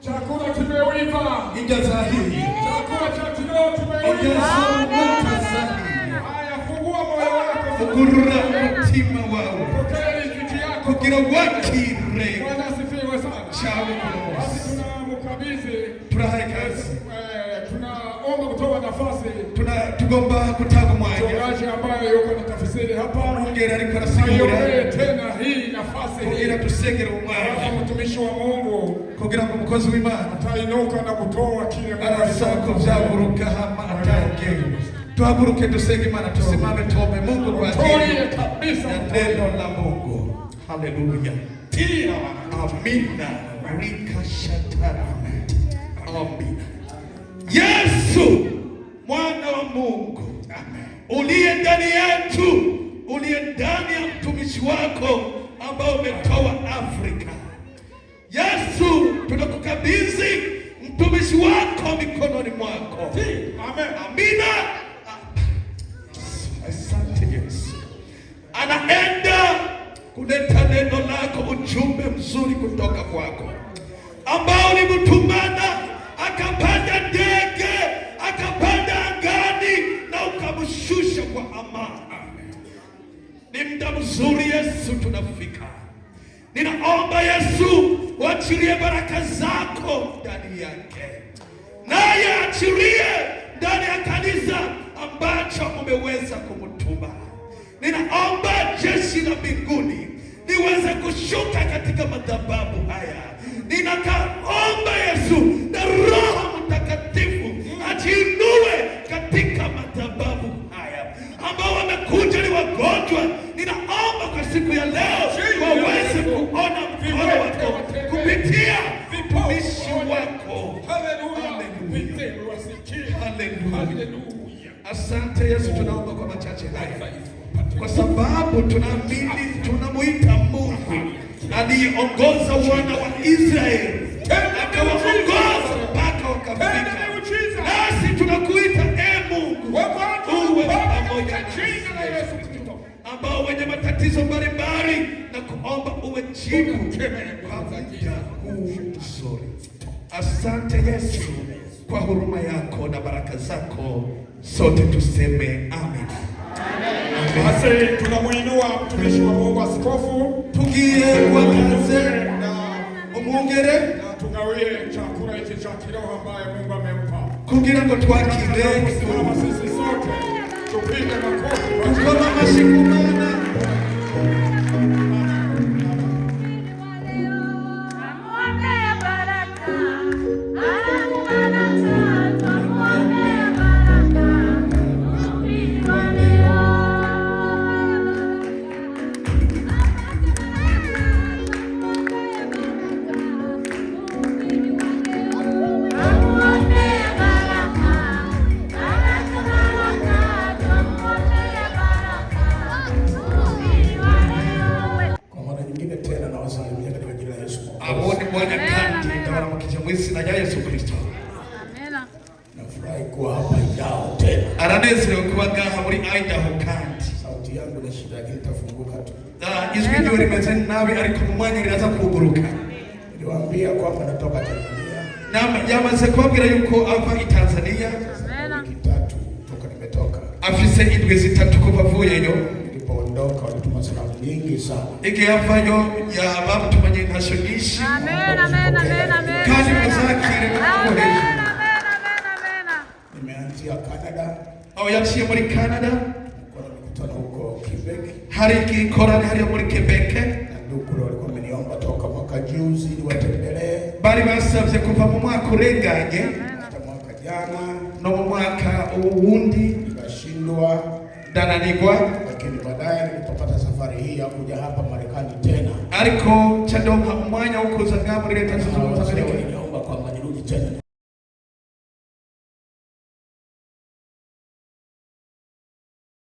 Chakula tumeiva, ingia sahihi. Chakula cha kileo tumeiva. Haya, fungua moyo wako, fungua mtima wako, pokea riziki yako, kugira wakire makafisiri hapa ongera ariko arasigura tena hii nafasi kugira tusengere umwami mutumishi wa Mungu kugira ngo umukozi w'Imana atainuka na kutoa kile arasako vyaburuka hama atange tuhaburuke dusenge Imana tusimame tuombe Mungu kwa ajili kabisa neno la Mungu haleluya tia amina rika shatara amina Yesu mwana wa Mungu amen uliye ndani yetu, uliye ndani ya mtumishi wako ambao umetoa Afrika. Yesu, tunakukabidhi mtumishi wako mikononi mwako. Amen. Amina. Asante Yesu. Anaenda kuleta neno lako, ujumbe mzuri kutoka kwako ambao ulimtumana mzuri Yesu, tunafika. Ninaomba Yesu uachilie baraka zako ndani yake, naye achilie ndani ya kanisa ambacho umeweza kumtuma. Ninaomba jeshi la mbinguni liweze kushuka katika madhabahu haya Ninakaa kuona viwepo kupitia mtumishi wako. Haleluya, asante Yesu, tunaomba kwa machache haya, kwa sababu tunaamini, tunamuita Mungu aliyeongoza wana wa Israeli akawaongoza mpaka wakafika, nasi tunakuita e Mungu, uwe pamoja ambao wenye matatizo mbalimbali ninakuomba uwe jibu kwa muda huu mzuri. Asante Yesu kwa huruma yako na baraka zako, sote tuseme amen. Basi tunamuinua mtumishi wa Mungu askofu, tugie kwa kazi na umwongere na tugawie chakula hiki cha kiroho ambaye Mungu amempa kugira ngo twakire sisi sote tupige makofi tukoma mashikana Kisimwisi na Yesu Kristo. Amena. Nafurahi kuwa hapa ijao tena. muri Sauti yangu na shida yake itafunguka tu. ndio limeze nawe ariko mwanya liraza Niliwaambia kwamba natoka Tanzania. yuko hapa i Tanzania. Kitatu toka nimetoka. Afise indwi zitatu kuva vuyeyo. Nilipoondoka walituma salamu nyingi sana. Ike ya babu tumanye Amen, amen, amen. Canada aho yaciye muri Canada akora mikutano huko Quebec, hari ikorani hariyo muri Quebec, na ndugu walikuwa wameniomba toka mwaka juzi ili watembelee, bali basabye kuva mu mwaka urenganye hata mwaka jana no mu mwaka uwundi, nikashindwa ndananigwa, lakini baadaye nilipopata safari hii ya kuja hapa Marekani tena ariko chadoma umwanya wo kuza ngamo leta z'Amerika, niomba kwa majiruji tena